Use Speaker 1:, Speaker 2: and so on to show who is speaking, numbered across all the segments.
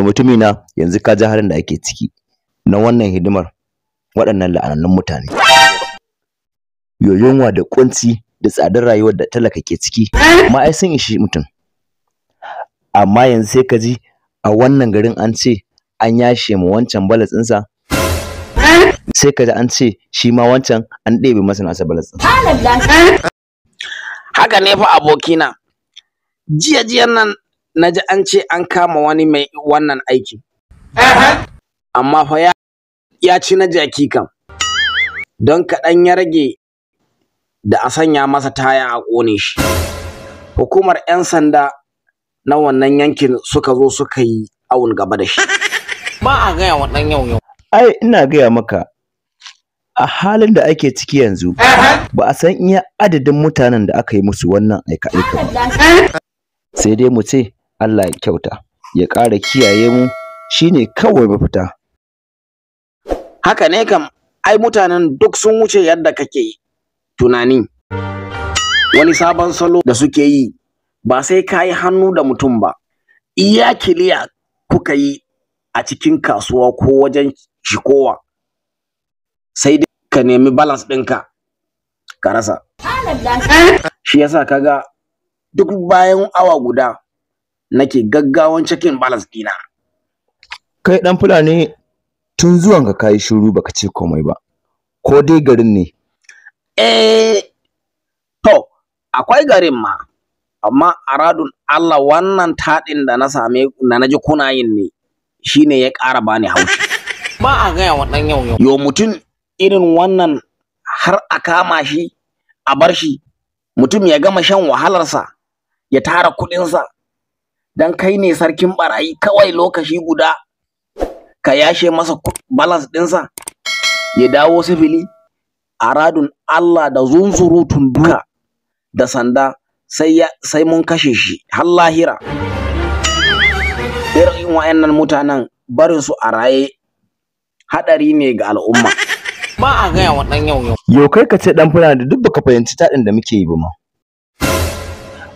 Speaker 1: Da mutumi na yanzu ka ji halin da ake ciki na wannan hidimar waɗannan la'anannun mutane yoyonwa da kunci da tsadar rayuwar da talaka ke ciki amma ai sun ishi mutum amma yanzu sai ka ji a wannan garin an ce an yashe mu wancan balatsinsa sai ka ji an ce shi ma wancan an ɗebe masa nasa balatsin
Speaker 2: haka ne fa abokina jiya jiyan nan na ji an ce an kama wani mai wannan aiki. Amma fa ya ci na jaki kam, don kaɗan ya rage da a sanya masa taya a ƙone shi. Hukumar 'yan sanda na wannan yankin suka zo suka yi awun gaba da shi.
Speaker 1: Ba a gaya wa yau yau. Ai, ina gaya maka, a halin da ake ciki yanzu, ba a san iya adadin mutanen da aka yi musu wannan aika-aika eh? Sai dai mu ce, Allah ya kyauta ya ƙara kiyaye mu shine kawai mafita
Speaker 2: haka ne kam ai mutanen duk sun wuce yadda kake tunani wani sabon salo da suke yi ba sai ka yi hannu da mutum ba iya kiliya kuka yi a cikin kasuwa ko wajen shikowa sai dai ka nemi balance ɗinka ka rasa shi yasa kaga duk bayan awa guda nake gaggawan cikin balance dina
Speaker 1: kai dan fulani tun zuwan ka kai shiru baka ce komai ba ko dai garin ne eh
Speaker 2: to akwai garin ma amma aradun Allah wannan taɗin da na same na naji kuna yin ne shine ya ƙara bani haushi ba a gaya wa ɗan yau yo mutum irin wannan har a kama shi a bar shi mutum ya gama shan wahalarsa ya tara kuɗinsa dan kai ne sarkin barayi kawai lokaci guda ka yashe masa balance ɗinsa ya dawo sifili aradun Allah da zunzurutun duka da sanda sai sai mun kashe shi hallahira lahira irin wayannan mutanen barin su a raye hadari ne ga al'umma
Speaker 1: ba a gaya wa dan yau yau yau kai ka ce dan da duk baka fahimci taɗin da muke yi ba ma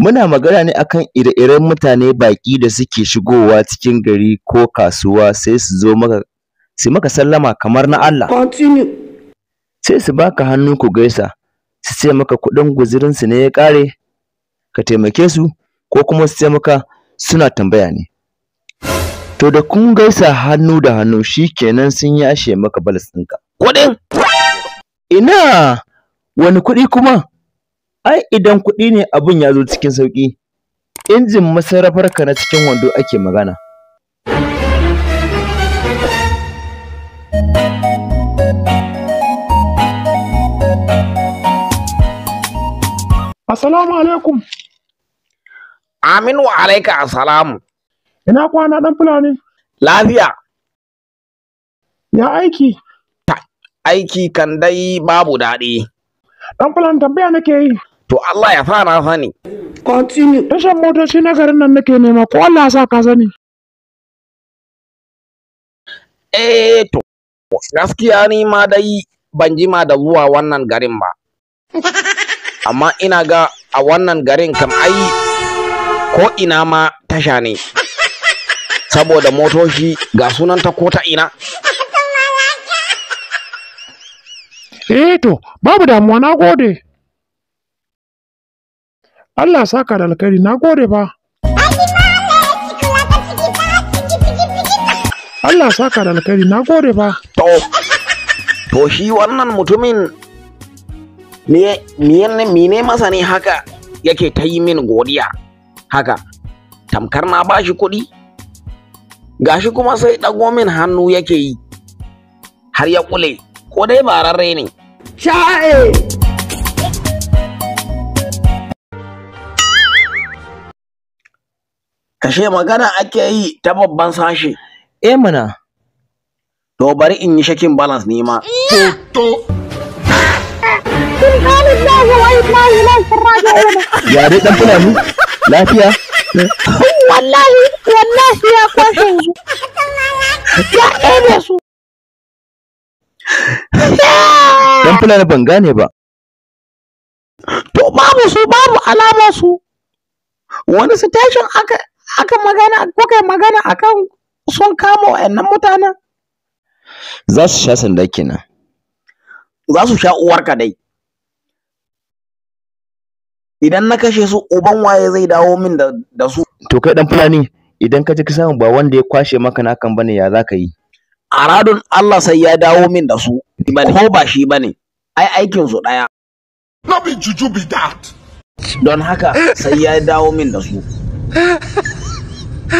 Speaker 1: Muna magana ne akan ire-iren mutane baƙi da suke shigowa cikin gari ko kasuwa sai su zo maka su maka sallama kamar na Allah. Sai su baka hannu ku gaisa, su ce maka kuɗin su ne ya ƙare, ka taimake su ko kuma su ce maka suna tambaya ne. To da kun gaisa hannu da hannu shikenan sun yashe maka balas ɗinka. Kuɗin? Ina wani kuɗi kuma? Ai idan kuɗi ne abin ya zo cikin sauƙi. Injin masarrafarka na cikin wando ake magana.
Speaker 2: Assalamu alaikum. Aminu alaika assalamu. Ina kwana ɗan Fulani. Lafiya. Ya aiki? Aiki kan dai babu daɗi. Ɗan Fulani tambaya nake yi. to Allah ya fara sani continue tashan motoci na garin nan nake
Speaker 1: nema ko Allah ya sa ka sani
Speaker 2: eh to gaskiya ni ma dai ban jima da zuwa wannan garin ba amma ina ga a wannan garin kam ai ko ina ma tasha ne saboda motoci ga sunan ta ko ta ina
Speaker 1: eh to babu damuwa na gode Allah saka da alkhairi na gode ba. Allah saka da alkhairi na gode
Speaker 2: ba. To, shi wannan mutumin ne masa ne haka yake ta yi min godiya haka tamkar na ba shi kuɗi gashi kuma sai ɗago min hannu yake yi har ya ƙule ko dai ba rarre ne. Sha'e! Kashe magana ake yi ta babban sashe. Eh mana. To bari in yi shakin balance ne ma. Toto. Ya dai dan fulani lafiya. Wallahi wallahi ya kwashe su. Ya ɗebe su.
Speaker 1: Dan fulani ban gane ba.
Speaker 2: To babu su babu alamar su. Wani station aka aka magana kai magana akan sun kama wayannan mutanen
Speaker 1: za su sha sanda kenan
Speaker 2: za su sha uwarka dai
Speaker 1: idan na kashe su uban waye zai dawo min da, da su to kai dan fulani idan ka ji ka samu ba wanda ya kwashe maka nakan bane ya za ka yi aradun Allah sai ya dawo min da su ko ba shi bane ai aikin su daya
Speaker 2: no be juju be that don haka sai ya dawo min da su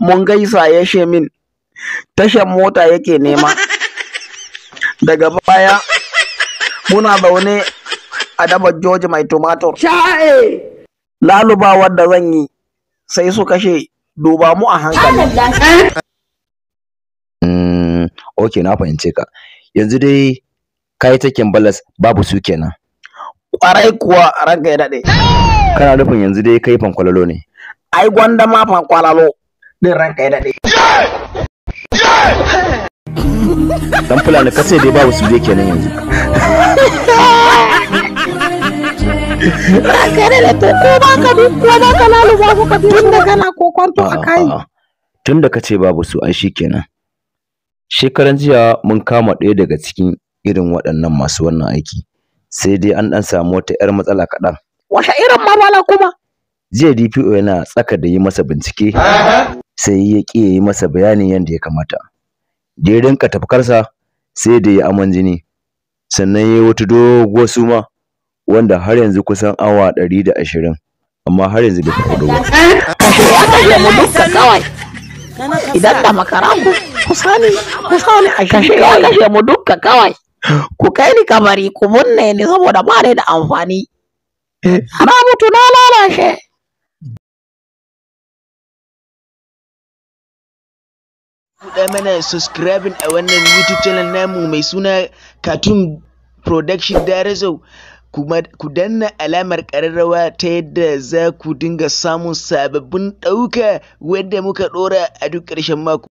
Speaker 2: mun gaisa ya she min tashan mota yake nema daga baya muna zaune a dabar George mai tumatur. laluba wadda zan yi sai su kashe duba mu a hankali.
Speaker 1: Mm, ok, na fahimce ka. Yanzu dai ka yi balas babu su kenan.
Speaker 2: Ƙwarai kuwa ranka ya daɗe.
Speaker 1: Kana nufin yanzu dai kai fankwalalo ne.
Speaker 2: Ai gwanda ma fankwalalo. din ranka ya daɗe.
Speaker 1: Dan fulani kasa dai ba su dai kenan yanzu.
Speaker 2: Ranka ya da ko ba ka bi ko ba ka lalu ba tun da kana kokonto a kai.
Speaker 1: Tun da babu su ai shi kenan. Shekaran jiya mun kama ɗaya daga cikin irin waɗannan masu wannan aiki. Sai dai an ɗan samu wata 'yar matsala kaɗan.
Speaker 2: Wata irin matsala kuma?
Speaker 1: Jiya DPO yana tsaka da yi masa bincike. sai ya ƙi ya yi masa bayanin yadda ya kamata da ya rinka tafkarsa sai da ya aman jini sannan ya yi wata doguwar suma wanda har yanzu kusan awa ɗari da ashirin amma har yanzu bai faɗo ba. Ya
Speaker 2: kashe mu kawai idan da makara ku kusani kusani a kashe ya kashe mu dukka kawai ku kai ni kamari ku munne ni saboda ba da amfani.
Speaker 1: Eh. Na mutu na lalace. kuɗa mana subscribing a wannan youtube channel namu
Speaker 2: mai suna cartoon production darazo kuma ku danna alamar ƙararrawa ta yadda za ku dinga samun sababbin ɗauka wadda
Speaker 1: muka ɗora a duk ƙarshen mako